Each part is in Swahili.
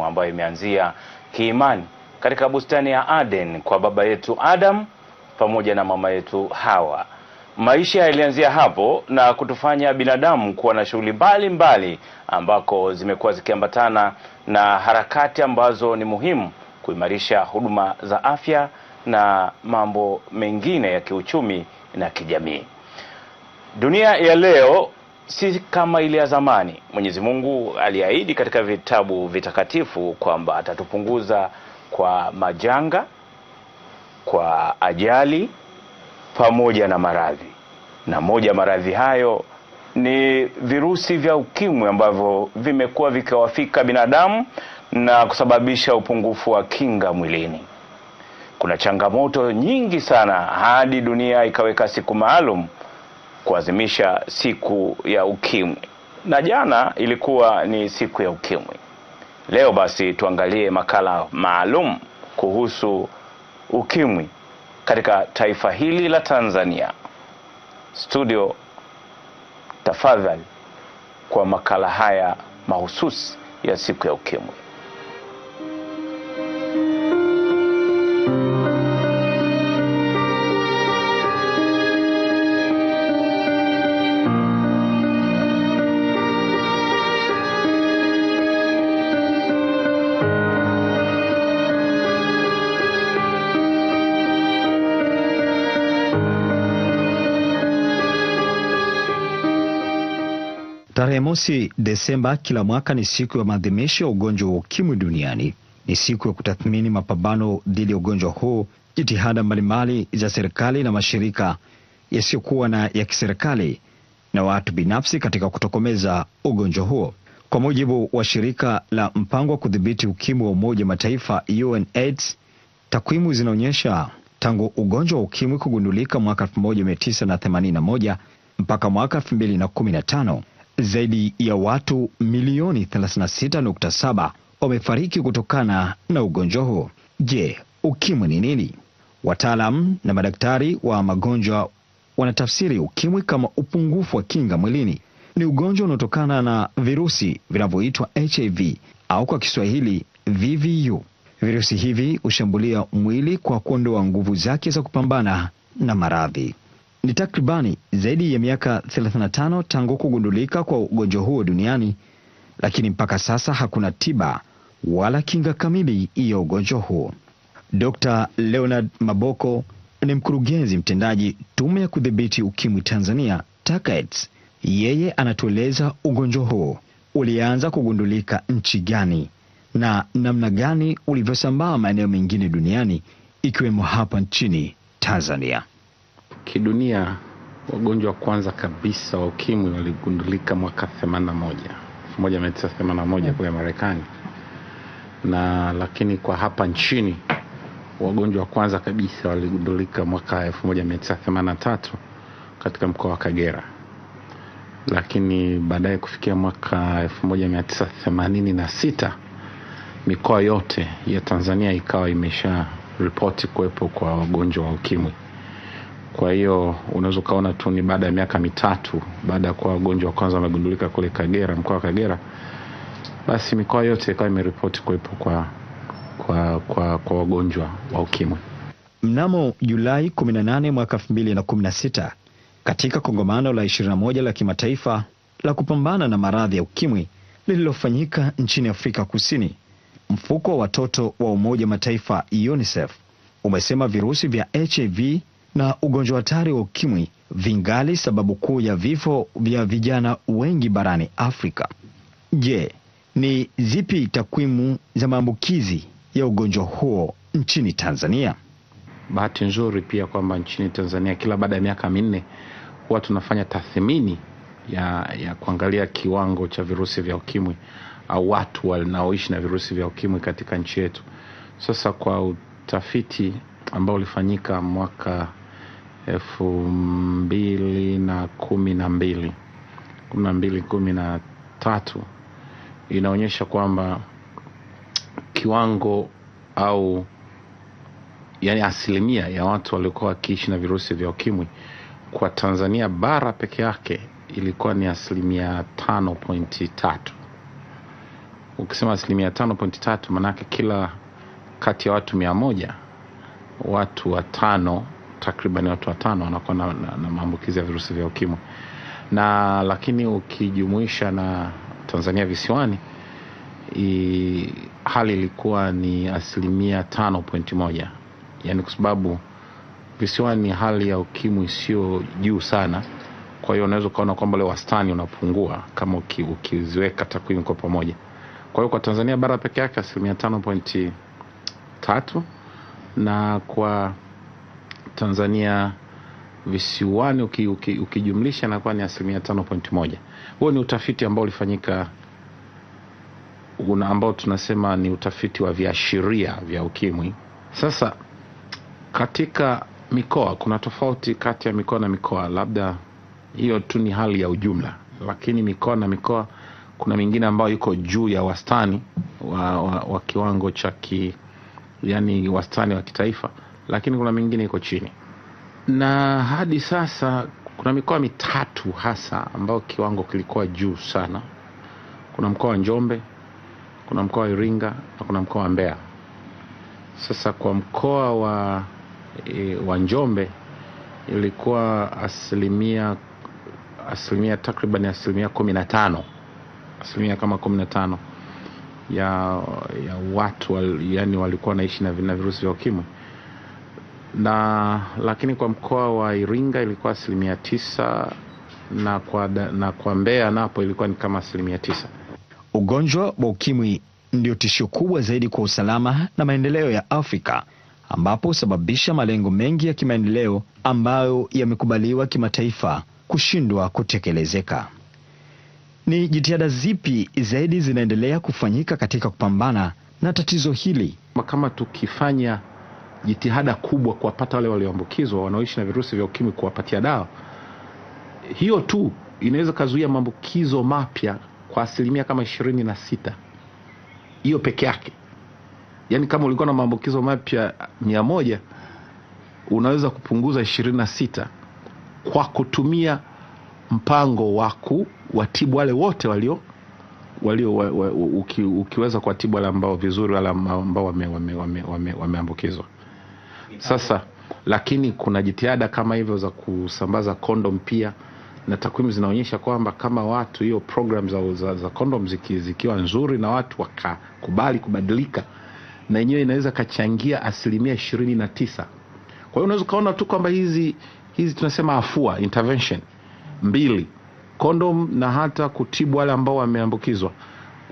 ambayo imeanzia kiimani katika bustani ya Aden kwa baba yetu Adam pamoja na mama yetu Hawa. Maisha yalianzia hapo na kutufanya binadamu kuwa na shughuli mbalimbali ambako zimekuwa zikiambatana na harakati ambazo ni muhimu kuimarisha huduma za afya na mambo mengine ya kiuchumi na kijamii. Dunia ya leo si kama ile ya zamani. Mwenyezi Mungu aliahidi katika vitabu vitakatifu kwamba atatupunguza kwa majanga, kwa ajali pamoja na maradhi, na moja maradhi hayo ni virusi vya ukimwi ambavyo vimekuwa vikiwafika binadamu na kusababisha upungufu wa kinga mwilini. Kuna changamoto nyingi sana hadi dunia ikaweka siku maalum kuadhimisha siku ya ukimwi, na jana ilikuwa ni siku ya ukimwi. Leo basi tuangalie makala maalum kuhusu ukimwi katika taifa hili la Tanzania. Studio, tafadhali kwa makala haya mahususi ya siku ya ukimwi. Mosi Desemba kila mwaka ni siku ya maadhimisho ya ugonjwa wa ukimwi duniani. Ni siku ya kutathmini mapambano dhidi ya ugonjwa huu, jitihada mbalimbali za serikali na mashirika yasiyokuwa na ya kiserikali na watu binafsi katika kutokomeza ugonjwa huo. Kwa mujibu wa shirika la mpango wa kudhibiti ukimwi wa Umoja Mataifa, UNAIDS, takwimu zinaonyesha tangu ugonjwa wa ukimwi kugundulika mwaka 1981 mpaka mwaka zaidi ya watu milioni 36.7 wamefariki kutokana na ugonjwa huo. Je, ukimwi ni nini? Wataalam na madaktari wa magonjwa wanatafsiri ukimwi kama upungufu wa kinga mwilini. Ni ugonjwa unaotokana na virusi vinavyoitwa HIV au kwa Kiswahili VVU. Virusi hivi hushambulia mwili kwa kuondoa nguvu zake za kupambana na maradhi. Ni takribani zaidi ya miaka 35 tangu kugundulika kwa ugonjwa huo duniani, lakini mpaka sasa hakuna tiba wala kinga kamili ya ugonjwa huo. Dr. Leonard Maboko ni mkurugenzi mtendaji Tume ya Kudhibiti Ukimwi Tanzania TACAIDS. Yeye anatueleza ugonjwa huo ulianza kugundulika nchi gani na namna gani ulivyosambaa maeneo mengine duniani ikiwemo hapa nchini Tanzania. Kidunia, wagonjwa wa kwanza kabisa wa ukimwi waligundulika mwaka 81 1981 hmm. kule Marekani, na lakini kwa hapa nchini wagonjwa wa kwanza kabisa waligundulika mwaka 1983 katika mkoa wa Kagera, lakini baadaye kufikia mwaka 1986 mikoa yote ya Tanzania ikawa imesha ripoti kuwepo kwa wagonjwa wa ukimwi. Kwa hiyo unaweza ukaona tu ni baada ya miaka mitatu baada ya kuwa wagonjwa wa kwanza wamegundulika kule Kagera, mkoa wa Kagera, basi mikoa yote ikawa imeripoti kuwepo kwa kwa kwa kwa wagonjwa wa ukimwi. Mnamo Julai 18 mwaka 2016 katika kongamano la 21 la kimataifa la kupambana na maradhi ya ukimwi lililofanyika nchini Afrika Kusini, mfuko wa watoto wa Umoja Mataifa UNICEF umesema virusi vya HIV na ugonjwa hatari wa ukimwi vingali sababu kuu ya vifo vya vijana wengi barani Afrika. Je, ni zipi takwimu za maambukizi ya ugonjwa huo nchini Tanzania? Bahati nzuri pia kwamba nchini Tanzania kila baada ya miaka minne huwa tunafanya tathmini ya, ya kuangalia kiwango cha virusi vya ukimwi au watu wanaoishi na virusi vya ukimwi katika nchi yetu. Sasa kwa utafiti ambao ulifanyika mwaka elfu mbili na kumi na mbili kumi na mbili kumi na tatu inaonyesha kwamba kiwango au yani asilimia ya watu waliokuwa wakiishi na virusi vya ukimwi kwa tanzania bara peke yake ilikuwa ni asilimia tano pointi tatu ukisema asilimia tano pointi tatu maanake kila kati ya watu mia moja watu watano takriban watu watano wanakuwa na, na, na maambukizi ya virusi vya ukimwi na lakini ukijumuisha na Tanzania visiwani i, hali ilikuwa ni asilimia tano pointi moja yani kwa sababu visiwani hali ya ukimwi sio juu sana, kwa hiyo unaweza ukaona kwamba ule wastani unapungua kama uki, ukiziweka takwimu kwa pamoja. Kwa hiyo kwa Tanzania bara peke yake asilimia tano pointi tatu na kwa Tanzania visiwani uki, uki, ukijumlisha inakuwa ni asilimia tano point moja. Huo ni utafiti ambao ulifanyika ambao tunasema ni utafiti wa viashiria vya ukimwi. Sasa katika mikoa kuna tofauti kati ya mikoa na mikoa, labda hiyo tu ni hali ya ujumla, lakini mikoa na mikoa kuna mingine ambayo iko juu ya wastani wa, wa, wa kiwango cha ki, yani wastani wa kitaifa lakini kuna mingine iko chini, na hadi sasa kuna mikoa mitatu hasa ambayo kiwango kilikuwa juu sana. Kuna mkoa wa Njombe, kuna mkoa wa Iringa na kuna mkoa wa mbea Sasa kwa mkoa wa, e, wa Njombe ilikuwa asilimia asilimia takriban asilimia kumi na tano asilimia kama kumi na tano ya, ya watu wal, yani walikuwa wanaishi na virusi vya ukimwi na lakini kwa mkoa wa Iringa ilikuwa asilimia tisa na kwa, na kwa Mbeya napo ilikuwa ni kama asilimia tisa. Ugonjwa wa ukimwi ndio tishio kubwa zaidi kwa usalama na maendeleo ya Afrika ambapo husababisha malengo mengi ya kimaendeleo ambayo yamekubaliwa kimataifa kushindwa kutekelezeka. Ni jitihada zipi zaidi zinaendelea kufanyika katika kupambana na tatizo hili? Kama tukifanya jitihada kubwa kuwapata wale walioambukizwa wanaoishi na virusi vya ukimwi, kuwapatia dawa hiyo tu inaweza kazuia maambukizo mapya kwa asilimia kama ishirini na sita hiyo peke yake. Yaani, kama ulikuwa na maambukizo mapya mia moja unaweza kupunguza ishirini na sita kwa kutumia mpango wa kuwatibu wale wote walio walio wa, wa, uki, ukiweza kuwatibu wale ambao vizuri, wale ambao wameambukizwa wame, wame, wame, wame sasa lakini kuna jitihada kama hivyo za kusambaza kondom pia, na takwimu zinaonyesha kwamba kama watu hiyo program za, za, za kondom ziki, zikiwa nzuri na watu wakakubali kubadilika, na yenyewe inaweza kachangia asilimia ishirini na tisa. Kwa hiyo unaweza ukaona tu kwamba hizi hizi tunasema afua intervention mbili, kondom na hata kutibu wale ambao wameambukizwa,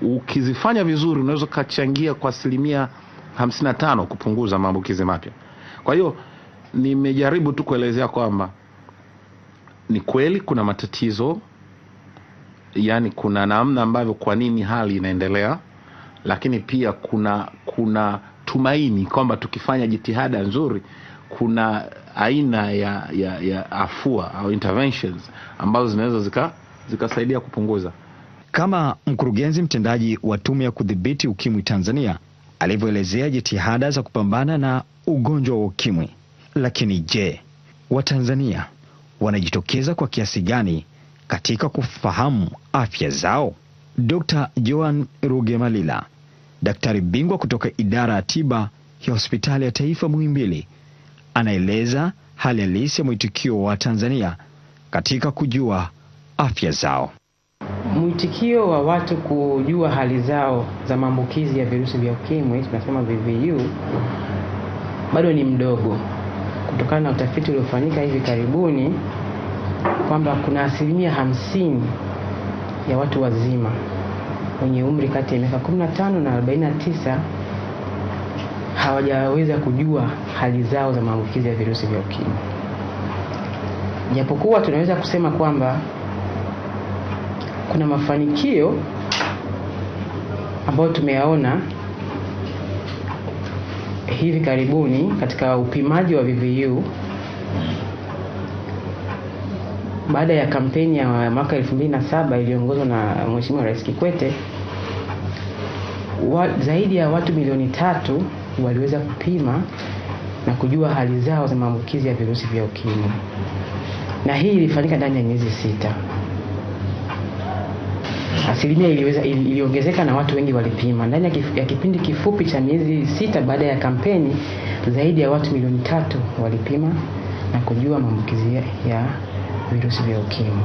ukizifanya vizuri unaweza ukachangia kwa asilimia 55 kupunguza maambukizi mapya. Kwa hiyo nimejaribu tu kuelezea kwamba ni kweli kuna matatizo, yani kuna namna ambavyo kwa nini hali inaendelea, lakini pia kuna kuna tumaini kwamba tukifanya jitihada nzuri kuna aina ya, ya, ya afua au interventions ambazo zinaweza zika zikasaidia kupunguza. Kama mkurugenzi mtendaji wa tume ya kudhibiti ukimwi Tanzania alivyoelezea jitihada za kupambana na ugonjwa wa ukimwi. Lakini je, Watanzania wanajitokeza kwa kiasi gani katika kufahamu afya zao? Dr. Joan Rugemalila, daktari bingwa kutoka idara ya tiba ya hospitali ya taifa Muhimbili, anaeleza hali halisi ya mwitikio wa Tanzania katika kujua afya zao. Mwitikio wa watu kujua hali zao za maambukizi ya virusi vya ukimwi tunasema VVU bado ni mdogo, kutokana na utafiti uliofanyika hivi karibuni kwamba kuna asilimia hamsini ya watu wazima wenye umri kati ya miaka 15 na 49 hawajaweza kujua hali zao za maambukizi ya virusi vya ukimwi, japokuwa tunaweza kusema kwamba kuna mafanikio ambayo tumeyaona hivi karibuni katika upimaji wa VVU baada ya kampeni ya mwaka 2007 iliyoongozwa na Mheshimiwa Rais Kikwete wa, zaidi ya watu milioni tatu waliweza kupima na kujua hali zao za maambukizi ya virusi vya ukimwi, na hii ilifanyika ndani ya miezi sita asilimia iliweza iliongezeka na watu wengi walipima. Ndani ya, kif, ya kipindi kifupi cha miezi sita baada ya kampeni, zaidi ya watu milioni tatu walipima na kujua maambukizi ya virusi vya ukimwi.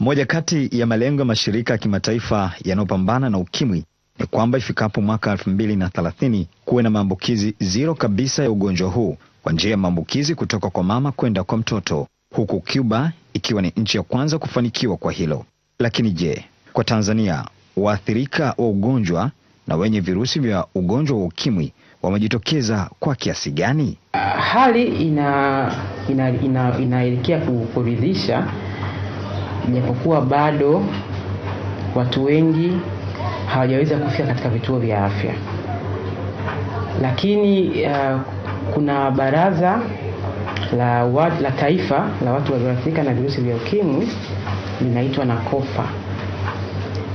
Moja kati ya malengo ya mashirika ya kimataifa yanayopambana na ukimwi ni kwamba ifikapo mwaka elfu mbili na thelathini kuwe na maambukizi zero kabisa ya ugonjwa huu kwa njia ya maambukizi kutoka kwa mama kwenda kwa mtoto, huku Cuba ikiwa ni nchi ya kwanza kufanikiwa kwa hilo. Lakini je, kwa Tanzania, waathirika wa ugonjwa na wenye virusi vya ugonjwa wa ukimwi wamejitokeza kwa kiasi gani? Hali ina inaelekea ina, ina kuridhisha, japokuwa bado watu wengi hawajaweza kufika katika vituo vya afya, lakini uh, kuna baraza la, la taifa la watu walioathirika na virusi vya ukimwi linaitwa na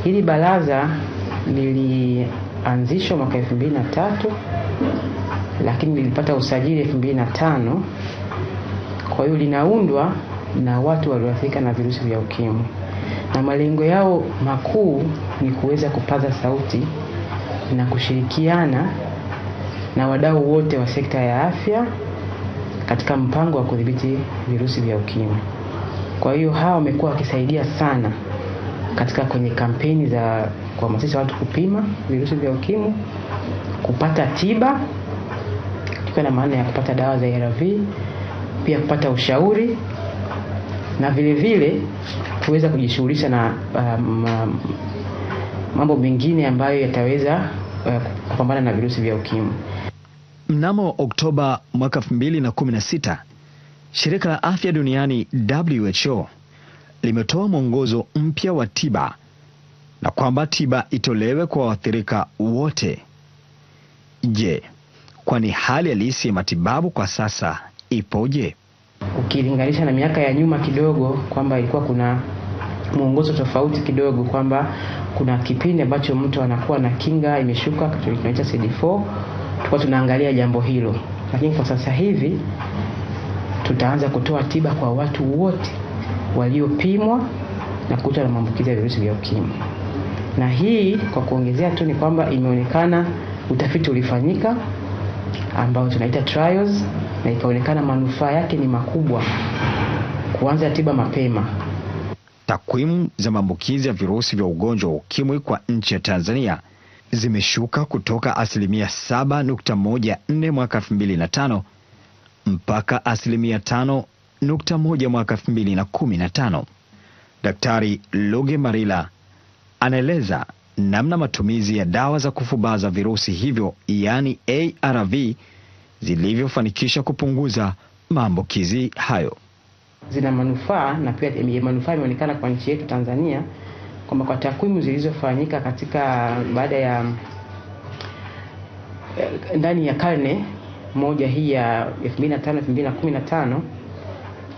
Hili baraza lilianzishwa mwaka tatu lakini lilipata usajili tano Kwa hiyo linaundwa na watu walioathirika na virusi vya ukimwi, na malengo yao makuu ni kuweza kupaza sauti na kushirikiana na wadau wote wa sekta ya afya katika mpango wa kudhibiti virusi vya ukimwi. Kwa hiyo hawa wamekuwa wakisaidia sana katika kwenye kampeni za kuhamasisha watu kupima virusi vya ukimwi, kupata tiba tukiwa na maana ya kupata dawa za ARV, pia kupata ushauri na vile vile kuweza kujishughulisha na um, mambo mengine ambayo yataweza uh, kupambana na virusi vya ukimwi. Mnamo Oktoba mwaka 2016 shirika la afya duniani WHO limetoa mwongozo mpya wa tiba na kwamba tiba itolewe kwa waathirika wote. Je, kwani hali halisi ya matibabu kwa sasa ipoje? Ukilinganisha na miaka ya nyuma kidogo, kwamba ilikuwa kuna mwongozo tofauti kidogo, kwamba kuna kipindi ambacho mtu anakuwa na kinga imeshuka, tunaita CD4, tulikuwa tunaangalia jambo hilo, lakini kwa sasa hivi tutaanza kutoa tiba kwa watu wote waliopimwa na kukutwa na maambukizi ya virusi vya ukimwi. Na hii kwa kuongezea tu ni kwamba imeonekana utafiti ulifanyika ambao tunaita trials, na ikaonekana manufaa yake ni makubwa kuanza tiba mapema. Takwimu za maambukizi ya virusi vya ugonjwa wa ukimwi kwa nchi ya Tanzania zimeshuka kutoka asilimia 7.14 mwaka 2005 mpaka asilimia 5 nukta moja mwaka elfu mbili na kumi na tano. Daktari Luge Marila anaeleza namna matumizi ya dawa za kufubaza virusi hivyo yaani ARV zilivyofanikisha kupunguza maambukizi hayo. Zina manufaa na pia manufaa imeonekana kwa nchi yetu Tanzania, kwamba kwa takwimu zilizofanyika katika baada ya eh, ndani ya karne moja hii ya 2005 2015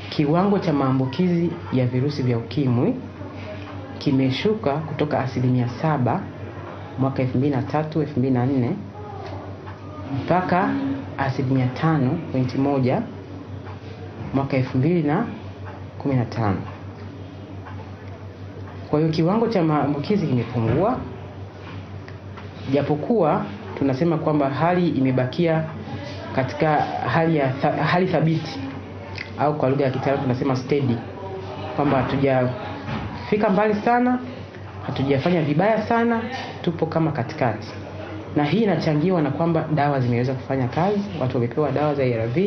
kiwango cha maambukizi ya virusi vya ukimwi kimeshuka kutoka asilimia saba mwaka 2003 2004 mpaka asilimia 5.1 mwaka 2015. Kwa hiyo kiwango cha maambukizi kimepungua, japokuwa tunasema kwamba hali imebakia katika hali, ya, hali thabiti au kwa lugha ya kitaalamu tunasema steady, kwamba hatujafika mbali sana, hatujafanya vibaya sana, tupo kama katikati, na hii inachangiwa na kwamba dawa zimeweza kufanya kazi, watu wamepewa dawa za ARV,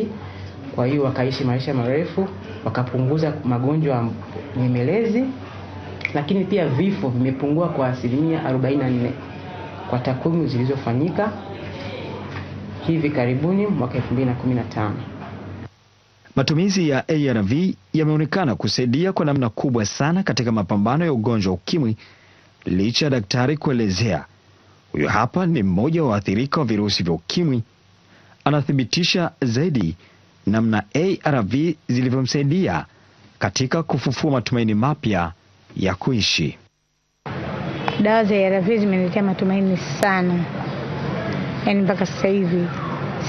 kwa hiyo wakaishi maisha marefu, wakapunguza magonjwa nyemelezi, lakini pia vifo vimepungua kwa asilimia 44 kwa takwimu zilizofanyika hivi karibuni mwaka 2015. Matumizi ya ARV yameonekana kusaidia kwa namna kubwa sana katika mapambano ya ugonjwa wa ukimwi licha ya daktari kuelezea. Huyo hapa ni mmoja wa waathirika wa virusi vya ukimwi, anathibitisha zaidi namna ARV zilivyomsaidia katika kufufua matumaini mapya ya kuishi. Dawa za ARV zimeniletea matumaini sana, yaani mpaka sasa hivi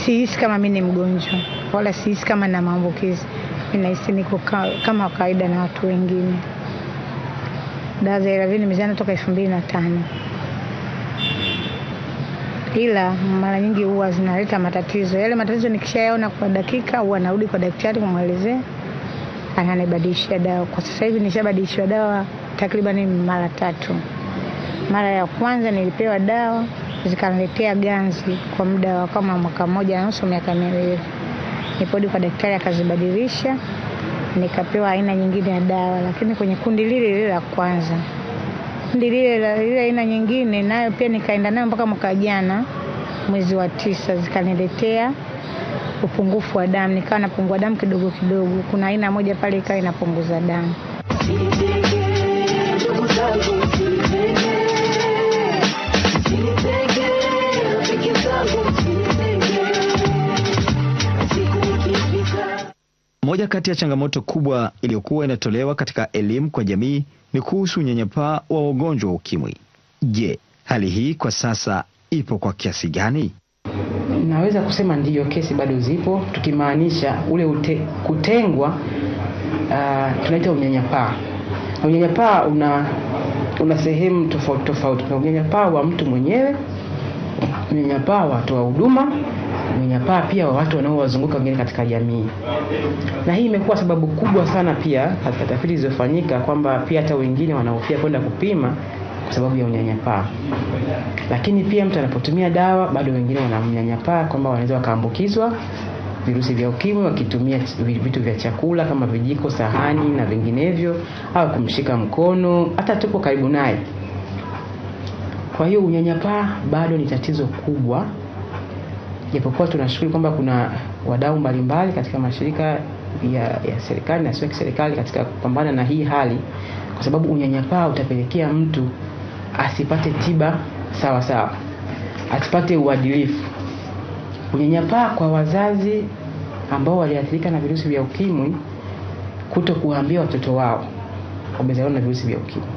sihisi kama mi ni mgonjwa wala sihisi kama na maambukizi. Ninahisi niko kama kawaida na watu wengine. Dawa za ARV nimezianza toka elfu mbili na tano ila mara nyingi huwa zinaleta matatizo. Yale matatizo nikishayaona kwa dakika, huwa narudi kwa daktari kumwelezea, ananibadilishia dawa. Kwa sasa hivi nishabadilishwa dawa takribani mara tatu. Mara ya kwanza nilipewa dawa zikaniletea ganzi kwa muda wa kama mwaka mmoja na nusu, miaka miwili. Nipodi kwa daktari akazibadilisha, nikapewa aina nyingine ya dawa, lakini kwenye kundi lile lile la kwanza, kundi lile lile aina nyingine nayo pia nikaenda nayo mpaka mwaka jana mwezi wa tisa, zikaniletea upungufu wa damu, nikawa napungua damu kidogo kidogo. Kuna aina moja pale ikawa inapunguza damu Moja kati ya changamoto kubwa iliyokuwa inatolewa katika elimu kwa jamii ni kuhusu unyanyapaa wa wagonjwa wa ukimwi. Je, hali hii kwa sasa ipo kwa kiasi gani? Naweza kusema ndiyo, kesi bado zipo, tukimaanisha ule ute, kutengwa uh, tunaita unyanyapaa. Unyanyapaa una una sehemu tofauti tofauti. Kuna unyanyapaa wa mtu mwenyewe, unyanyapaa wa watoa huduma unyanyapaa pia wa watu wanaowazunguka wengine katika jamii, na hii imekuwa sababu kubwa sana pia katika tafiti zilizofanyika kwamba pia hata wengine wanahofia kwenda kupima kwa sababu ya unyanyapaa. Lakini pia mtu anapotumia dawa, bado wengine wanamnyanyapaa kwamba wanaweza wakaambukizwa virusi vya ukimwi wakitumia vitu vya chakula kama vijiko, sahani na vinginevyo, au kumshika mkono hata tupo karibu naye. Kwa hiyo unyanyapaa bado ni tatizo kubwa Japokuwa tunashukuru kwamba kuna wadau mbalimbali katika mashirika ya, ya serikali na sio serikali katika kupambana na hii hali, kwa sababu unyanyapaa utapelekea mtu asipate tiba sawa sawa, asipate uadilifu. Unyanyapaa kwa wazazi ambao waliathirika na virusi vya ukimwi, kuto kuwaambia watoto wao wamezaliwa na virusi vya ukimwi.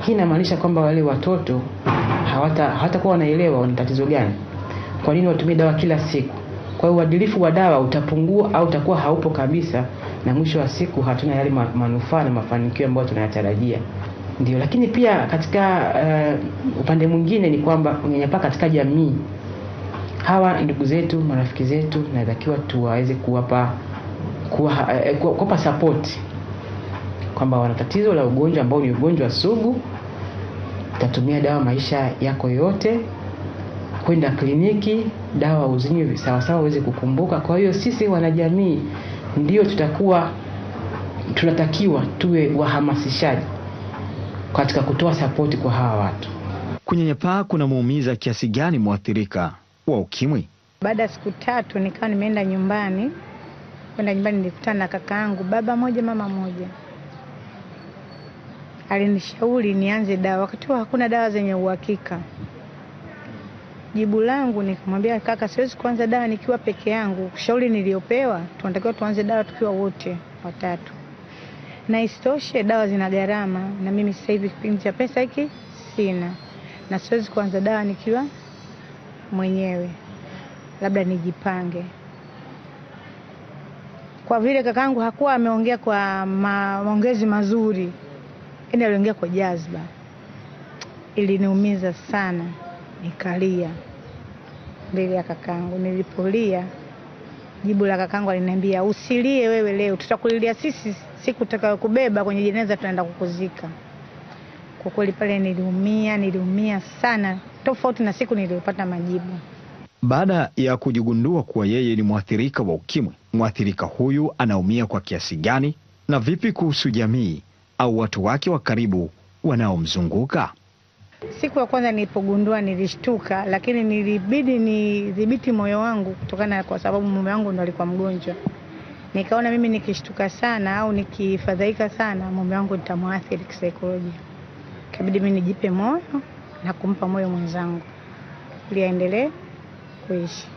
Hii inamaanisha kwamba wale watoto hawatakuwa wanaelewa ni tatizo gani kwa nini watumie dawa kila siku? Kwa hiyo uadilifu wa dawa utapungua au utakuwa haupo kabisa, na mwisho wa siku hatuna yale manufaa na mafanikio ambayo tunayatarajia. Ndio, lakini pia katika uh, upande mwingine ni kwamba unyanyapaa katika jamii, hawa ndugu zetu, marafiki zetu, natakiwa tuwaweze kuwapa eh, kuwapa kuwa, kuwa sapoti kwamba wana tatizo la ugonjwa ambao ni ugonjwa sugu, utatumia dawa maisha yako yote kwenda kliniki, dawa uzinywe sawasawa uweze kukumbuka. Kwa hiyo sisi wanajamii ndio tutakuwa tunatakiwa tuwe wahamasishaji katika kutoa sapoti kwa hawa watu. Kunyanyapaa kunamuumiza kiasi gani mwathirika wa ukimwi? Baada ya siku tatu nikawa nimeenda nyumbani, kwenda nyumbani nilikutana na kakaangu, baba moja mama moja, alinishauri nianze dawa, wakati huo hakuna dawa zenye uhakika. Jibu langu nikamwambia kaka, siwezi kuanza dawa nikiwa peke yangu. Ushauri niliopewa tunatakiwa tuanze dawa tukiwa wote watatu, na isitoshe dawa zina gharama, na mimi sasa hivi kipindi cha pesa hiki sina, na siwezi kuanza dawa nikiwa mwenyewe, labda nijipange. Kwa vile kakaangu hakuwa ameongea kwa maongezi mazuri, yani aliongea kwa jazba, iliniumiza sana nikalia mbele ya kakangu. Nilipolia, jibu la kakangu aliniambia, usilie wewe leo, tutakulilia sisi siku utakayokubeba kwenye jeneza, tunaenda kukuzika. Kwa kweli pale niliumia, niliumia sana, tofauti na siku niliyopata majibu. Baada ya kujigundua kuwa yeye ni mwathirika wa ukimwi, mwathirika huyu anaumia kwa kiasi gani, na vipi kuhusu jamii au watu wake wa karibu wanaomzunguka? Siku ya kwanza nilipogundua nilishtuka, lakini nilibidi nidhibiti moyo wangu kutokana, kwa sababu mume wangu ndo alikuwa mgonjwa. Nikaona mimi nikishtuka sana au nikifadhaika sana, mume wangu nitamwathiri kisaikolojia. kabidi mimi nijipe moyo na kumpa moyo mwenzangu ili aendelee kuishi.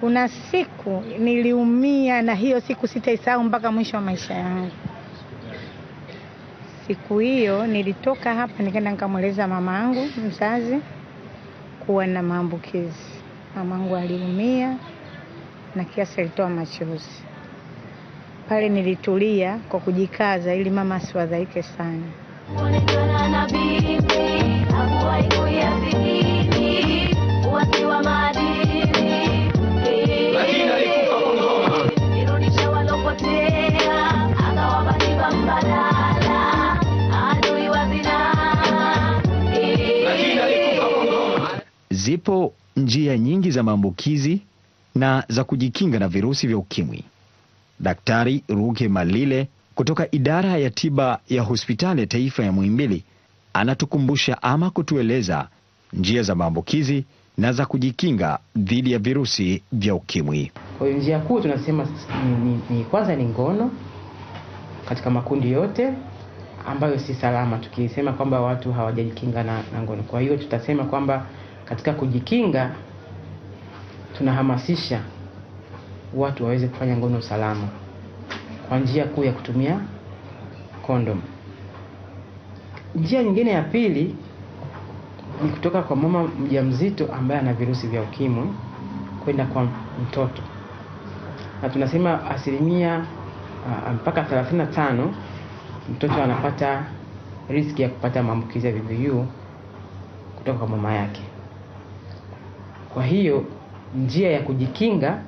Kuna siku niliumia, na hiyo siku sitaisahau mpaka mwisho wa maisha yangu. Siku hiyo nilitoka hapa nikaenda nikamweleza mamaangu mzazi kuwa na maambukizi. Mamangu aliumia na kiasi alitoa machozi. Pale nilitulia kwa kujikaza ili mama asiwadhaike sana. Zipo njia nyingi za maambukizi na za kujikinga na virusi vya ukimwi. Daktari Ruge Malile kutoka idara ya tiba ya hospitali ya taifa ya Muhimbili anatukumbusha ama kutueleza njia za maambukizi na za kujikinga dhidi ya virusi vya ukimwi. Kwa hiyo njia kuu tunasema ni, ni, ni kwanza ni ngono katika makundi yote ambayo si salama, tukisema kwamba watu hawajajikinga na, na ngono. Kwa hiyo tutasema kwamba katika kujikinga, tunahamasisha watu waweze kufanya ngono salama kwa njia kuu ya kutumia kondom. Njia nyingine ya pili ni kutoka kwa mama mjamzito ambaye ana virusi vya ukimwi kwenda kwa mtoto, na tunasema asilimia uh, mpaka 35 mtoto anapata riski ya kupata maambukizi ya VVU kutoka kwa mama yake. Kwa hiyo njia ya kujikinga,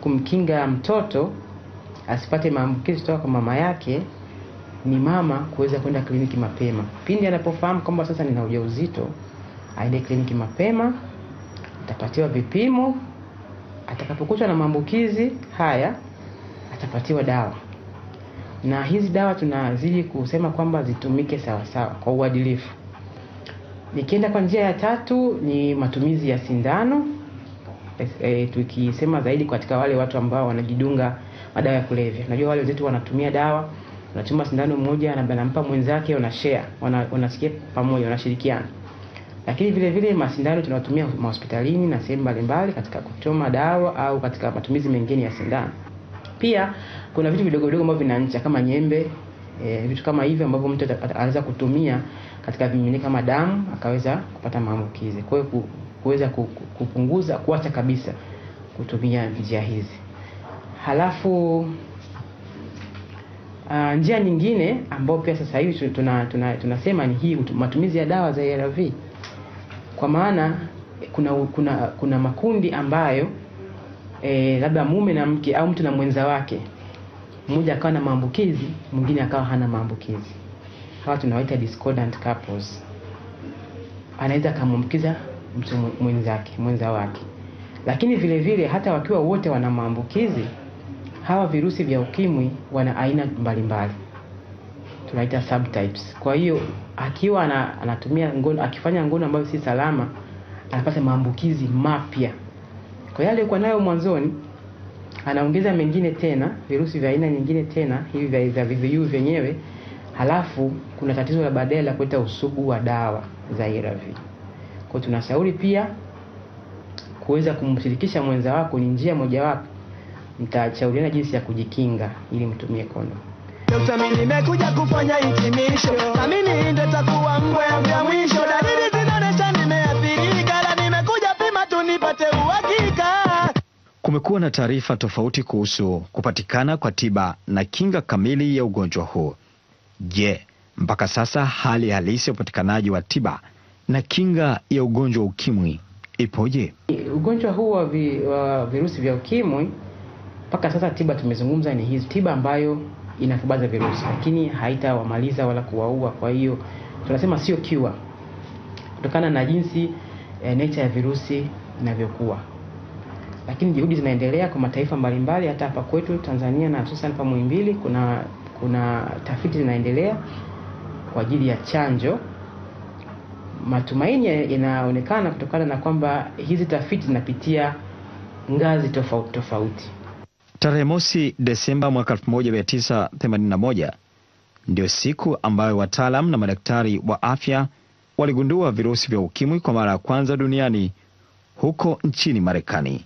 kumkinga mtoto asipate maambukizi kutoka kwa mama yake ni mama kuweza kwenda kliniki mapema. Pindi anapofahamu kwamba sasa nina ujauzito, aende kliniki mapema, atapatiwa vipimo, atakapokutwa na maambukizi haya atapatiwa dawa, na hizi dawa tunazidi kusema kwamba zitumike sawasawa, kwa uadilifu. Nikienda kwa njia ya tatu ni matumizi ya sindano e, tukisema zaidi katika wale watu ambao wanajidunga madawa ya kulevya. Najua wale wenzetu wanatumia dawa, wanachuma sindano mmoja na anampa mwenzake, una share, wanasikia pamoja, wanashirikiana. Lakini vile vile masindano tunatumia mahospitalini na sehemu mbalimbali katika kuchoma dawa au katika matumizi mengine ya sindano. Pia kuna vitu vidogo vidogo ambavyo vina kama nyembe e, vitu kama hivyo ambavyo mtu anaweza kutumia katika vimiminika kama damu akaweza kupata maambukizi. Kwa hiyo kuweza kupunguza, kuacha kabisa kutumia njia hizi. Halafu Uh, njia nyingine ambayo pia sasa hivi tunasema tuna, tuna, tuna ni hii matumizi ya dawa za ARV kwa maana eh, kuna, kuna, kuna makundi ambayo e, labda mume na mke au mtu na mwenza wake mmoja akawa na maambukizi, mwingine akawa hana maambukizi. Hawa tunawaita discordant couples. Anaweza akamwambukiza mtu mwenzake mwenza wake, lakini vile vile hata wakiwa wote wana maambukizi, hawa virusi vya ukimwi wana aina mbalimbali tunaita subtypes. Kwa hiyo akiwa ana, anatumia ngono, akifanya ngono ambayo si salama, anapata maambukizi mapya kwa yale alikuwa nayo mwanzoni anaongeza mengine tena, virusi vya aina nyingine tena hivi vya VVU vyenyewe, halafu kuna tatizo la baadaye la kuleta usugu wa dawa za ARV. Kwa tunashauri pia kuweza kumshirikisha mwenza wako ni njia mojawapo, mtashauriana jinsi ya kujikinga ili mtumie kondo. Dokta, mimi nimekuja kufanya hitimisho, na mimi ndio takuwa mbwa ya mwisho. Dalili zinaonesha nimeathirika, la nimekuja pima uhakika Kumekuwa na taarifa tofauti kuhusu kupatikana kwa tiba na kinga kamili ya ugonjwa huu. Je, mpaka sasa hali halisi ya upatikanaji wa tiba na kinga ya ugonjwa wa ukimwi ipoje? Ugonjwa huu wa vi, wa virusi vya ukimwi, mpaka sasa tiba tumezungumza ni hizi tiba ambayo inafubaza virusi, lakini haitawamaliza wala kuwaua. Kwa hiyo tunasema sio cure, kutokana na jinsi eh, nature ya virusi inavyokuwa lakini juhudi zinaendelea kwa mataifa mbalimbali, hata hapa kwetu Tanzania na hususan pa Muhimbili kuna, kuna tafiti zinaendelea kwa ajili ya chanjo. Matumaini yanaonekana kutokana na kwamba hizi tafiti zinapitia ngazi tofauti tofauti. Tarehe mosi Desemba mwaka 1981 ndio siku ambayo wataalam na madaktari wa afya waligundua virusi vya ukimwi kwa mara ya kwanza duniani huko nchini Marekani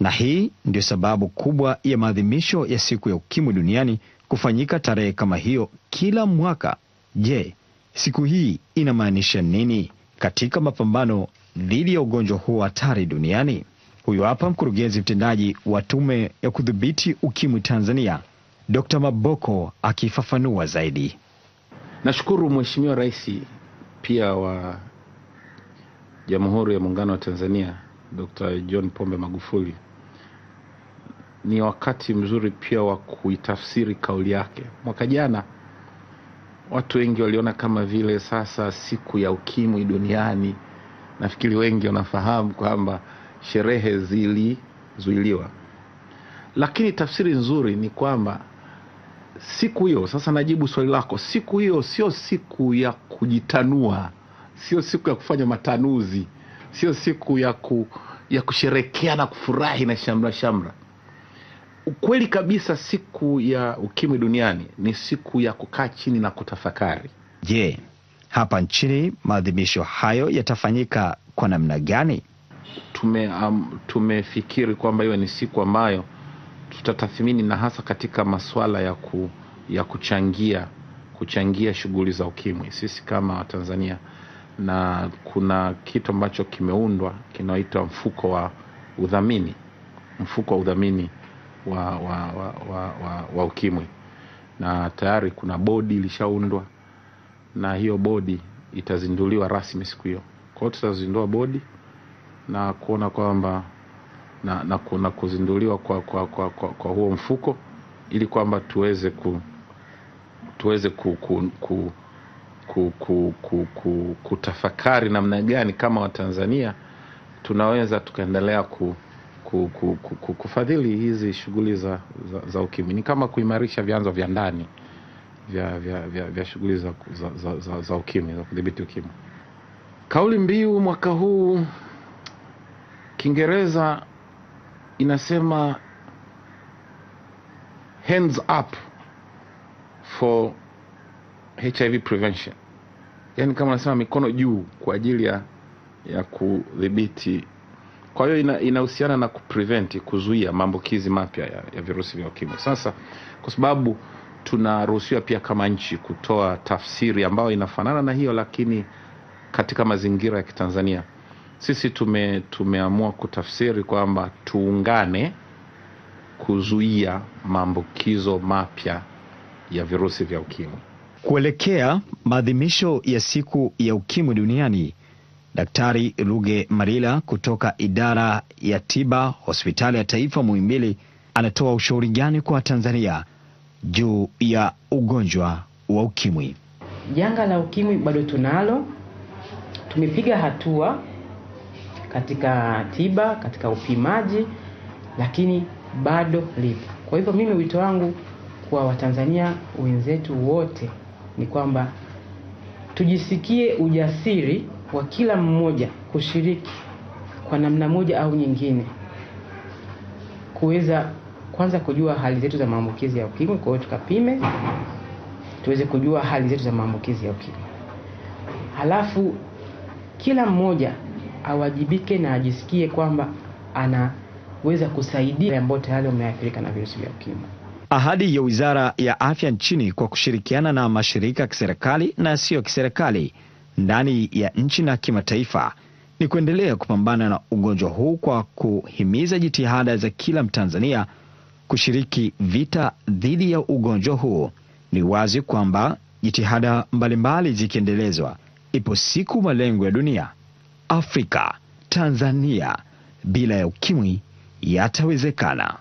na hii ndiyo sababu kubwa ya maadhimisho ya siku ya ukimwi duniani kufanyika tarehe kama hiyo kila mwaka. Je, siku hii inamaanisha nini katika mapambano dhidi ya ugonjwa huo hatari duniani? Huyu hapa mkurugenzi mtendaji wa Tume ya Kudhibiti Ukimwi Tanzania, d Maboko akifafanua zaidi. Nashukuru Mheshimiwa Rais pia wa Jamhuri ya Muungano wa Tanzania d John Pombe Magufuli ni wakati mzuri pia wa kuitafsiri kauli yake. Mwaka jana watu wengi waliona kama vile sasa siku ya ukimwi duniani, nafikiri wengi wanafahamu kwamba sherehe zilizuiliwa, lakini tafsiri nzuri ni kwamba siku hiyo, sasa najibu swali lako, siku hiyo sio siku ya kujitanua, sio siku ya kufanya matanuzi, sio siku ya, ku, ya kusherekea na kufurahi na shamra shamra Ukweli kabisa, siku ya ukimwi duniani ni siku ya kukaa chini na kutafakari. Je, hapa nchini maadhimisho hayo yatafanyika kwa namna gani? Tume, um, tumefikiri kwamba hiyo ni siku ambayo tutatathmini na hasa katika masuala ya, ku, ya kuchangia kuchangia shughuli za ukimwi sisi kama watanzania na kuna kitu ambacho kimeundwa kinaitwa mfuko wa udhamini mfuko wa udhamini wa, wa, wa, wa, wa, wa ukimwi na tayari kuna bodi ilishaundwa na hiyo bodi itazinduliwa rasmi siku hiyo. Kwa tutazindua bodi na kuona kwamba na, na, na kuzinduliwa kwa, kwa, kwa, kwa, kwa huo mfuko ili kwamba tuweze ku, tuweze ku, ku, ku, ku, ku, ku, ku, kutafakari namna gani kama Watanzania tunaweza tukaendelea ku kufadhili hizi shughuli za, za, za ukimwi. Ni kama kuimarisha vyanzo vya ndani vya, vya, vya, vya shughuli za, za, za, za, za ukimwi za kudhibiti ukimwi. Kauli mbiu mwaka huu Kiingereza inasema hands up for HIV prevention, yaani kama unasema mikono juu kwa ajili ya, ya kudhibiti kwa hiyo ina, inahusiana na kuprevent, kuzuia maambukizi mapya ya, ya virusi vya ukimwi. Sasa kwa sababu tunaruhusiwa pia kama nchi kutoa tafsiri ambayo inafanana na hiyo, lakini katika mazingira ya Kitanzania sisi tume, tumeamua kutafsiri kwamba tuungane kuzuia maambukizo mapya ya virusi vya ukimwi kuelekea maadhimisho ya siku ya ukimwi duniani. Daktari Ruge Marila kutoka idara ya tiba hospitali ya taifa Muhimbili anatoa ushauri gani kwa Tanzania juu ya ugonjwa wa ukimwi? Janga la ukimwi bado tunalo, tumepiga hatua katika tiba, katika upimaji, lakini bado lipo. Kwa hivyo mimi wito wangu kwa Watanzania wenzetu wote ni kwamba tujisikie ujasiri wa kila mmoja kushiriki kwa namna moja au nyingine kuweza kwanza kujua hali zetu za maambukizi ya ukimwi. Kwa hiyo tukapime tuweze kujua hali zetu za maambukizi ya ukimwi, halafu kila mmoja awajibike na ajisikie kwamba anaweza kusaidia ambao tayari wameathirika na virusi vya ukimwi. Ahadi ya Wizara ya Afya nchini kwa kushirikiana na mashirika ya kiserikali na yasiyo kiserikali ndani ya nchi na kimataifa ni kuendelea kupambana na ugonjwa huu kwa kuhimiza jitihada za kila Mtanzania kushiriki vita dhidi ya ugonjwa huu. Ni wazi kwamba jitihada mbalimbali zikiendelezwa, ipo siku malengo ya dunia, Afrika, Tanzania bila ya ukimwi yatawezekana.